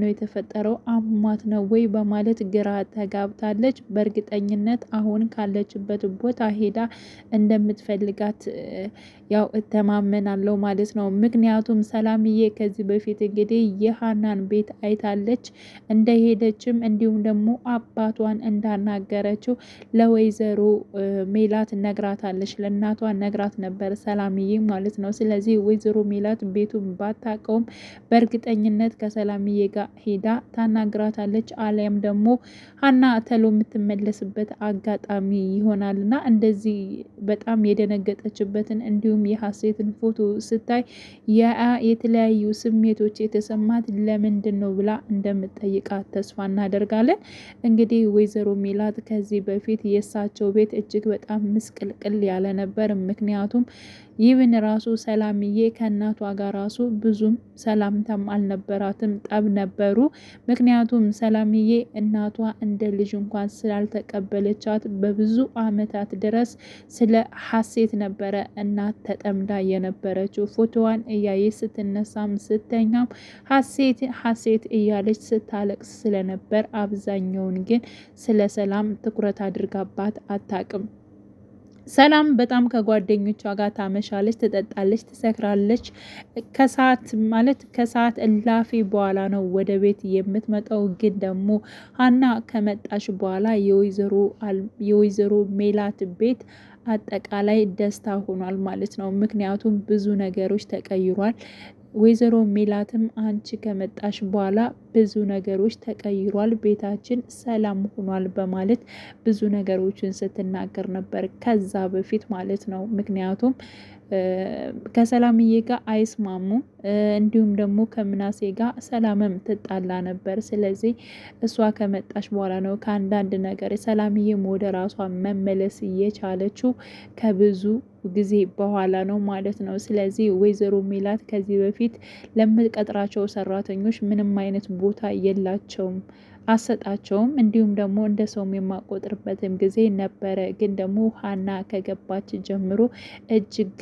ነው የተፈጠረው አሟት ነው ወይ በማለት ግራ ተጋብታለች። በእርግጠኝነት አሁን ካለችበት ቦታ ሄዳ እንደምትፈልጋት ያው እተማመናለሁ ማለት ነው። ምክንያቱም ሰላምዬ ከዚህ በፊት እንግዲህ የሀናን ቤት አይታለች። እንደሄደችም እንዲሁም ደግሞ አባቷን እንዳናገረችው ለወይዘሮ ሜላት ነግራታለች። ለእናቷ ነግራት ነበር ሰላምዬ ማለት ነው። ስለዚህ ወይዘሮ ሜላት ቤቱን ባታውቀውም በእርግጠኝነት ከሰላምዬ ጋር ጋር ሄዳ ታናግራታለች። አሊያም ደግሞ ሀና ተሎ የምትመለስበት አጋጣሚ ይሆናል እና እንደዚህ በጣም የደነገጠችበትን እንዲሁም የሀሴትን ፎቶ ስታይ የተለያዩ ስሜቶች የተሰማት ለምንድን ነው ብላ እንደምጠይቃት ተስፋ እናደርጋለን። እንግዲህ ወይዘሮ ሜላት ከዚህ በፊት የእሳቸው ቤት እጅግ በጣም ምስቅልቅል ያለ ነበር ምክንያቱም ይህን ራሱ ሰላምዬ ከእናቷ ጋር ራሱ ብዙም ሰላምታም አልነበራትም፣ ጠብ ነበሩ። ምክንያቱም ሰላምዬ እናቷ እንደ ልጅ እንኳን ስላልተቀበለቻት በብዙ አመታት ድረስ ስለ ሀሴት ነበረ እናት ተጠምዳ የነበረችው። ፎቶዋን እያየች ስትነሳም ስተኛም ሀሴት ሀሴት እያለች ስታለቅስ ስለነበር አብዛኛውን ግን ስለ ሰላም ትኩረት አድርጋባት አታቅም። ሰላም በጣም ከጓደኞቿ ጋር ታመሻለች፣ ትጠጣለች፣ ትሰክራለች። ከሰዓት ማለት ከሰዓት እላፊ በኋላ ነው ወደ ቤት የምትመጣው። ግን ደግሞ ሀና ከመጣሽ በኋላ የወይዘሮ ሜላት ቤት አጠቃላይ ደስታ ሆኗል ማለት ነው። ምክንያቱም ብዙ ነገሮች ተቀይሯል። ወይዘሮ ሜላትም አንቺ ከመጣሽ በኋላ ብዙ ነገሮች ተቀይሯል፣ ቤታችን ሰላም ሆኗል በማለት ብዙ ነገሮችን ስትናገር ነበር ከዛ በፊት ማለት ነው። ምክንያቱም ከሰላምዬ ጋር አይስማሙም፣ እንዲሁም ደግሞ ከምናሴ ጋር ሰላምም ትጣላ ነበር። ስለዚህ እሷ ከመጣች በኋላ ነው ከአንዳንድ ነገር ሰላምዬም ወደ ራሷ መመለስ እየቻለችው ከብዙ ጊዜ በኋላ ነው ማለት ነው። ስለዚህ ወይዘሮ ሚላት ከዚህ በፊት ለምትቀጥራቸው ሰራተኞች ምንም አይነት ቦታ የላቸውም አሰጣቸውም እንዲሁም ደግሞ እንደ ሰውም የማቆጥርበትም ጊዜ ነበረ። ግን ደግሞ ሀና ከገባች ጀምሮ እጅግ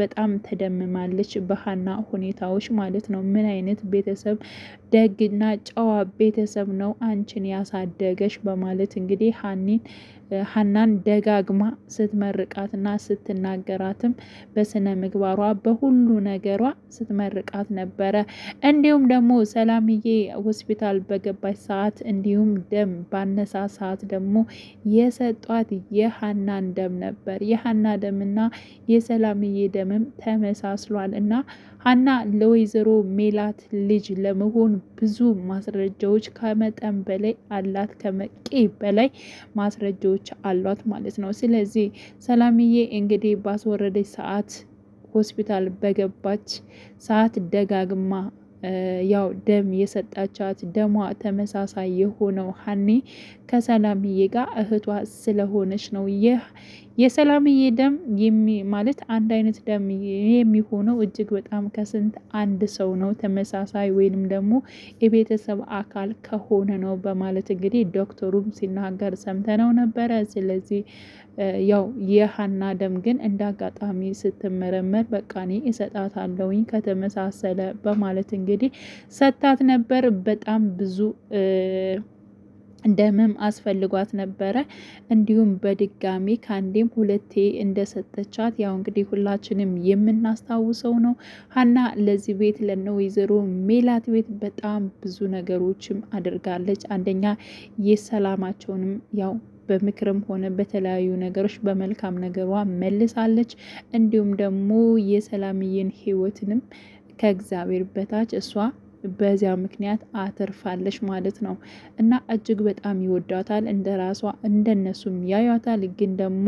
በጣም ተደምማለች በሀና ሁኔታዎች ማለት ነው። ምን አይነት ቤተሰብ ደግና ጨዋ ቤተሰብ ነው አንቺን ያሳደገች በማለት እንግዲህ ሀኒን ሀናን ደጋግማ ስትመርቃትና ስትናገራትም በስነ ምግባሯ በሁሉ ነገሯ ስትመርቃት ነበረ። እንዲሁም ደግሞ ሰላምዬ ሆስፒታል በገባች ሰዓት እንዲሁም ደም ባነሳ ሰዓት ደግሞ የሰጧት የሀናን ደም ነበር። የሀና ደምና የሰላምዬ ደምም ተመሳስሏል እና ሀና ለወይዘሮ ሜላት ልጅ ለመሆን ብዙ ማስረጃዎች ከመጠን በላይ አላት፣ ከመቄ በላይ ማስረጃዎች አሏት ማለት ነው። ስለዚህ ሰላምዬ እንግዲህ ባስወረደች ሰዓት ሆስፒታል በገባች ሰዓት ደጋግማ ያው ደም የሰጣቻት ደሟ ተመሳሳይ የሆነው ሀኔ ከሰላምዬ ጋር እህቷ ስለሆነች ነው። ይህ የሰላምዬ ደም ማለት አንድ አይነት ደም የሚሆነው እጅግ በጣም ከስንት አንድ ሰው ነው ተመሳሳይ ወይንም ደግሞ የቤተሰብ አካል ከሆነ ነው በማለት እንግዲህ ዶክተሩም ሲናገር ሰምተነው ነበረ። ስለዚህ ያው የሀና ደም ግን እንደ አጋጣሚ ስትመረመር በቃ እኔ እሰጣታለሁኝ ከተመሳሰለ በማለት እንግዲህ ሰታት ነበር። በጣም ብዙ ደምም አስፈልጓት ነበረ። እንዲሁም በድጋሚ ከአንዴም ሁለቴ እንደሰጠቻት ያው እንግዲህ ሁላችንም የምናስታውሰው ነው። ሀና ለዚህ ቤት ለነ ወይዘሮ ሜላት ቤት በጣም ብዙ ነገሮችም አድርጋለች። አንደኛ የሰላማቸውንም ያው በምክርም ሆነ በተለያዩ ነገሮች በመልካም ነገሯ መልሳለች። እንዲሁም ደግሞ የሰላምዬን ህይወትንም ከእግዚአብሔር በታች እሷ በዚያ ምክንያት አትርፋለች ማለት ነው እና እጅግ በጣም ይወዳታል። እንደ ራሷ እንደነሱም ያዩታል። ግን ደግሞ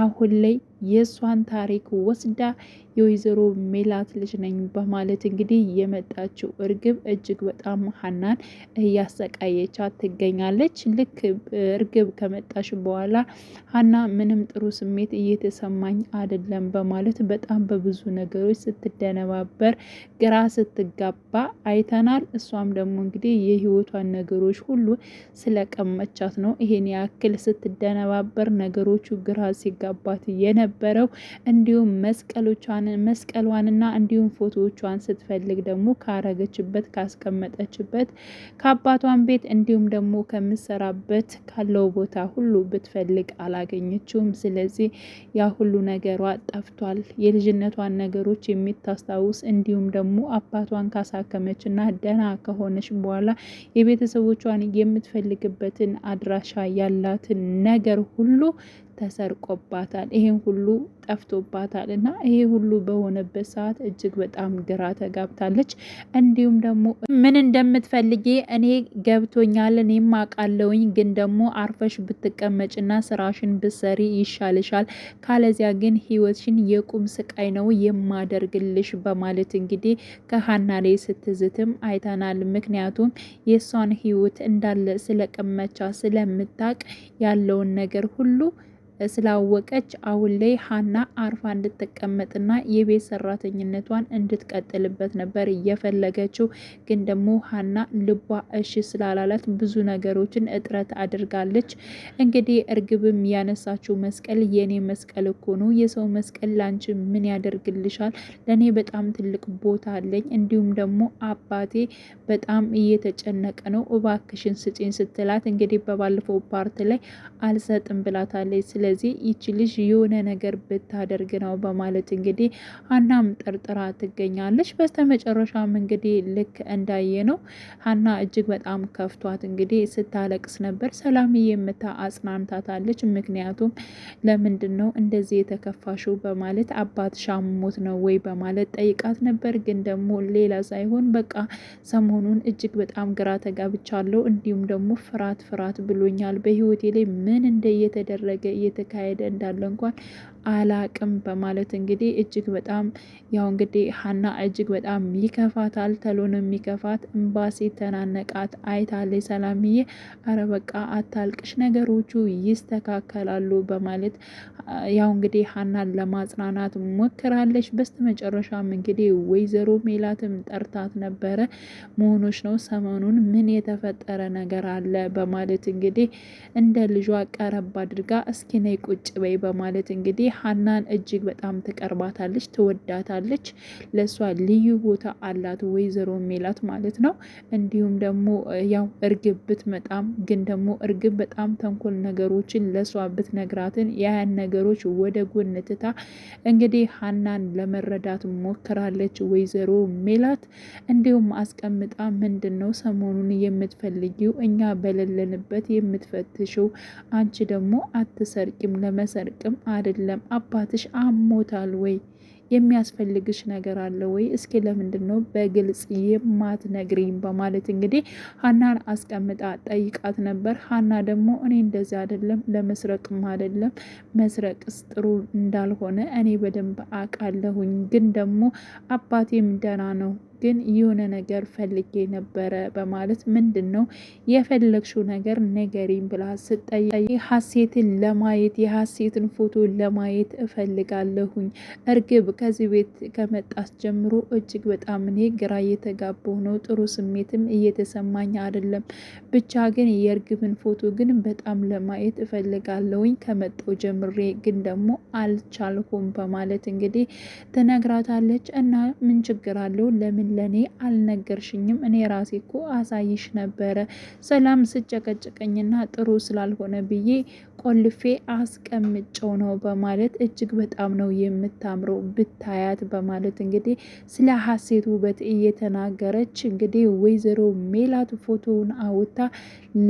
አሁን ላይ የእሷን ታሪክ ወስዳ የወይዘሮ ሜላት ልጅ ነኝ በማለት እንግዲህ የመጣችው እርግብ እጅግ በጣም ሀናን እያሰቃየቻት ትገኛለች። ልክ እርግብ ከመጣሽ በኋላ ሀና ምንም ጥሩ ስሜት እየተሰማኝ አይደለም በማለት በጣም በብዙ ነገሮች ስትደነባበር፣ ግራ ስትጋባ አይተናል። እሷም ደግሞ እንግዲህ የህይወቷን ነገሮች ሁሉ ስለቀመቻት ነው ይሄን ያክል ስትደነባበር ነገሮቹ ግራ ሲጋባት የነበ የነበረው እንዲሁም መስቀሎቿን መስቀሏንና እንዲሁም ፎቶዎቿን ስትፈልግ ደግሞ ካረገችበት ካስቀመጠችበት ከአባቷን ቤት እንዲሁም ደግሞ ከምትሰራበት ካለው ቦታ ሁሉ ብትፈልግ አላገኘችውም። ስለዚህ ያ ሁሉ ነገሯ ጠፍቷል። የልጅነቷን ነገሮች የሚታስታውስ እንዲሁም ደግሞ አባቷን ካሳከመችና ደህና ከሆነች በኋላ የቤተሰቦቿን የምትፈልግበትን አድራሻ ያላትን ነገር ሁሉ ተሰርቆባታል፣ ይሄን ሁሉ ጠፍቶባታል እና ይሄ ሁሉ በሆነበት ሰዓት እጅግ በጣም ግራ ተጋብታለች። እንዲሁም ደግሞ ምን እንደምትፈልጌ እኔ ገብቶኛል፣ እኔም አቃለውኝ ግን ደግሞ አርፈሽ ብትቀመጭና ስራሽን ብትሰሪ ይሻልሻል፣ ካለዚያ ግን ህይወትሽን የቁም ስቃይ ነው የማደርግልሽ በማለት እንግዲህ ከሀና ላይ ስትዝትም አይተናል። ምክንያቱም የእሷን ህይወት እንዳለ ስለቀመቻ ስለምታቅ ያለውን ነገር ሁሉ ስላወቀች አሁን ላይ ሀና አርፋ እንድትቀመጥና የቤት ሰራተኝነቷን እንድትቀጥልበት ነበር እየፈለገችው። ግን ደግሞ ሀና ልቧ እሺ ስላላላት ብዙ ነገሮችን እጥረት አድርጋለች። እንግዲህ እርግብም ያነሳችው መስቀል የኔ መስቀል እኮ ነው፣ የሰው መስቀል ላንቺ ምን ያደርግልሻል? ለእኔ በጣም ትልቅ ቦታ አለኝ። እንዲሁም ደግሞ አባቴ በጣም እየተጨነቀ ነው፣ እባክሽን ስጪኝ ስትላት እንግዲህ በባለፈው ፓርት ላይ አልሰጥም ብላታለች። ስለ ስለዚህ ይቺ ልጅ የሆነ ነገር ብታደርግ ነው በማለት እንግዲህ ሀናም ጠርጥራ ትገኛለች። በስተመጨረሻም እንግዲህ ልክ እንዳየ ነው ሀና እጅግ በጣም ከፍቷት እንግዲህ ስታለቅስ ነበር። ሰላምዬ የምታ አጽናንታታለች። ምክንያቱም ለምንድን ነው እንደዚህ የተከፋሽው በማለት አባት ሻሙት ነው ወይ በማለት ጠይቃት ነበር። ግን ደግሞ ሌላ ሳይሆን በቃ ሰሞኑን እጅግ በጣም ግራ ተጋብቻለሁ፣ እንዲሁም ደግሞ ፍርሃት ፍርሃት ብሎኛል በህይወቴ ላይ ምን እንደየተደረገ እየተካሄደ እንዳለ እንኳን አላቅም በማለት እንግዲህ እጅግ በጣም ያው እንግዲህ ሀና እጅግ በጣም ይከፋታል። ተሎን የሚከፋት እምባሴ ተናነቃት አይታለች። ሰላምዬ አረ በቃ አታልቅሽ፣ ነገሮቹ ይስተካከላሉ በማለት ያው እንግዲህ ሀናን ለማጽናናት ሞክራለች። መጨረሻም እንግዲህ ወይዘሮ ሜላትም ጠርታት ነበረ መሆኖች ነው ሰሞኑን ምን የተፈጠረ ነገር አለ በማለት እንግዲህ እንደ ልጇ ቀረብ አድርጋ እስኪ ነይ ቁጭ በይ በማለት እንግዲህ ሀናን እጅግ በጣም ትቀርባታለች፣ ትወዳታለች። ለእሷ ልዩ ቦታ አላት ወይዘሮ ሜላት ማለት ነው። እንዲሁም ደግሞ ያው እርግብ ብትመጣም ግን ደግሞ እርግብ በጣም ተንኮል ነገሮችን ለእሷ ብትነግራትን ያን ነገሮች ወደ ጎን ትታ እንግዲህ ሀናን ለመረዳት ሞክራለች ወይዘሮ ሜላት። እንዲሁም አስቀምጣ ምንድን ነው ሰሞኑን የምትፈልጊው እኛ በሌለንበት የምትፈትሽው አንቺ ደግሞ አትሰርቂም፣ ለመሰርቅም አይደለም አባትሽ አሞታል ወይ? የሚያስፈልግሽ ነገር አለ ወይ? እስኪ ለምንድን ነው በግልጽ የማትነግሪኝ? በማለት እንግዲህ ሀናን አስቀምጣ ጠይቃት ነበር። ሀና ደግሞ እኔ እንደዚህ አይደለም ለመስረቅም አይደለም መስረቅስ ጥሩ እንዳልሆነ እኔ በደንብ አውቃለሁኝ፣ ግን ደግሞ አባቴም ደህና ነው ግን የሆነ ነገር ፈልጌ ነበረ በማለት ምንድን ነው የፈለግሽው ነገር ንገሪኝ ብላ ስጠይቅ ሀሴትን ለማየት የሀሴትን ፎቶ ለማየት እፈልጋለሁኝ። እርግብ ከዚህ ቤት ከመጣስ ጀምሮ እጅግ በጣም እኔ ግራ እየተጋባሁ ነው። ጥሩ ስሜትም እየተሰማኝ አይደለም። ብቻ ግን የእርግብን ፎቶ ግን በጣም ለማየት እፈልጋለሁኝ ከመጣሁ ጀምሬ ግን ደግሞ አልቻልኩም በማለት እንግዲህ ትነግራታለች እና ምን ችግር አለው ለምን ለኔ አልነገርሽኝም? እኔ ራሴ እኮ አሳይሽ ነበረ። ሰላም ስጨቀጭቀኝና ጥሩ ስላልሆነ ብዬ ቆልፌ አስቀምጨው ነው በማለት እጅግ በጣም ነው የምታምረው ብታያት በማለት እንግዲህ ስለ ሀሴት ውበት እየተናገረች እንግዲህ ወይዘሮ ሜላት ፎቶውን አውታ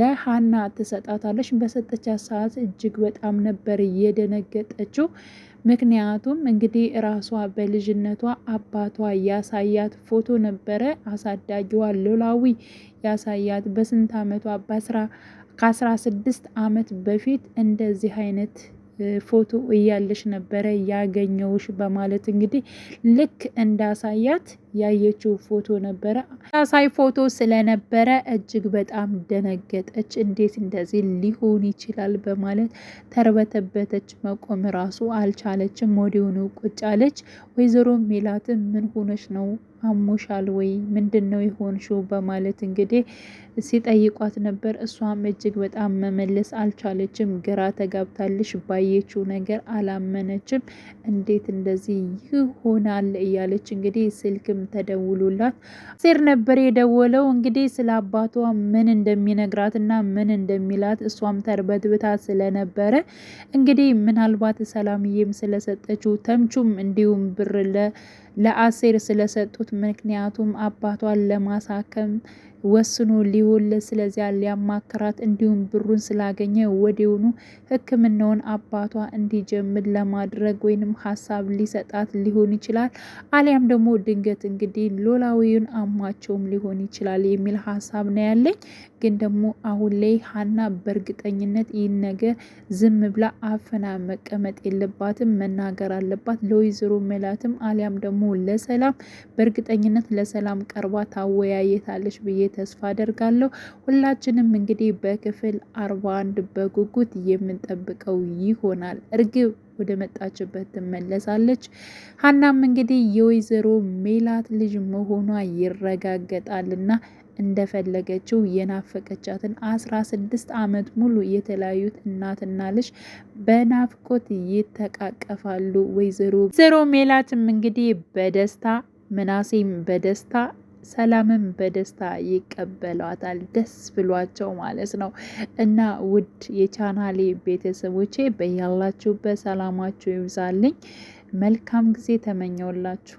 ለሀና ትሰጣታለች። በሰጠቻት ሰዓት እጅግ በጣም ነበር እየደነገጠችው። ምክንያቱም እንግዲህ ራሷ በልጅነቷ አባቷ ያሳያት ፎቶ ነበረ አሳዳጊዋ ኖላዊ ያሳያት በስንት አመቷ በስራ ከአስራ ስድስት አመት በፊት እንደዚህ አይነት ፎቶ እያለሽ ነበረ ያገኘውሽ በማለት እንግዲህ ልክ እንዳሳያት ያየችው ፎቶ ነበረ። ሳሳይ ፎቶ ስለነበረ እጅግ በጣም ደነገጠች። እንዴት እንደዚህ ሊሆን ይችላል በማለት ተርበተበተች። መቆም ራሱ አልቻለችም። ወዲያውኑ ቁጭ አለች። ወይዘሮ ሜላትን ምን ሆነች ነው አሞሻል ወይ ምንድን ነው የሆንሽው? በማለት እንግዲህ ሲጠይቋት ነበር። እሷም እጅግ በጣም መመለስ አልቻለችም። ግራ ተጋብታለች። ባየችው ነገር አላመነችም። እንዴት እንደዚህ ይሆናል እያለች እንግዲህ ስልክም ተደውሎላት አሴር ነበር የደወለው። እንግዲህ ስለ አባቷ ምን እንደሚነግራትና ምን እንደሚላት እሷም ተርበትብታ ስለነበረ እንግዲህ ምናልባት ሰላምዬም ስለሰጠችው ተምቹም እንዲሁም ብር ለ ለአሴር ስለሰጡት ምክንያቱም አባቷን ለማሳከም ወስኖ ሊሆን ስለዚያ ሊያማክራት እንዲሁም ብሩን ስላገኘ ወዲውኑ ሕክምናውን አባቷ እንዲጀምር ለማድረግ ወይንም ሀሳብ ሊሰጣት ሊሆን ይችላል። አሊያም ደግሞ ድንገት እንግዲህ ኖላዊውን አሟቸውም ሊሆን ይችላል የሚል ሀሳብ ነው ያለኝ። ግን ደግሞ አሁን ላይ ሀና በእርግጠኝነት ይህን ነገር ዝም ብላ አፍና መቀመጥ የለባትም፣ መናገር አለባት ለወይዘሮ ሜላትም አሊያም ደግሞ ደግሞ ለሰላም በእርግጠኝነት ለሰላም ቀርባ ታወያየታለች ብዬ ተስፋ አደርጋለሁ። ሁላችንም እንግዲህ በክፍል አርባ አንድ በጉጉት የምንጠብቀው ይሆናል። እርግብ ወደ መጣችበት ትመለሳለች። ሀናም እንግዲህ የወይዘሮ ሜላት ልጅ መሆኗ ይረጋገጣልና እንደፈለገችው የናፈቀቻትን አስራ ስድስት አመት ሙሉ የተለያዩት እናትና ልጅ በናፍቆት ይተቃቀፋሉ። ወይዘሮ ዘሮ ሜላትም እንግዲህ በደስታ ምናሴም በደስታ ሰላምን በደስታ ይቀበሏታል። ደስ ብሏቸው ማለት ነው። እና ውድ የቻናሌ ቤተሰቦቼ በያላችሁበት ሰላማችሁ ይብዛልኝ። መልካም ጊዜ ተመኘውላችሁ።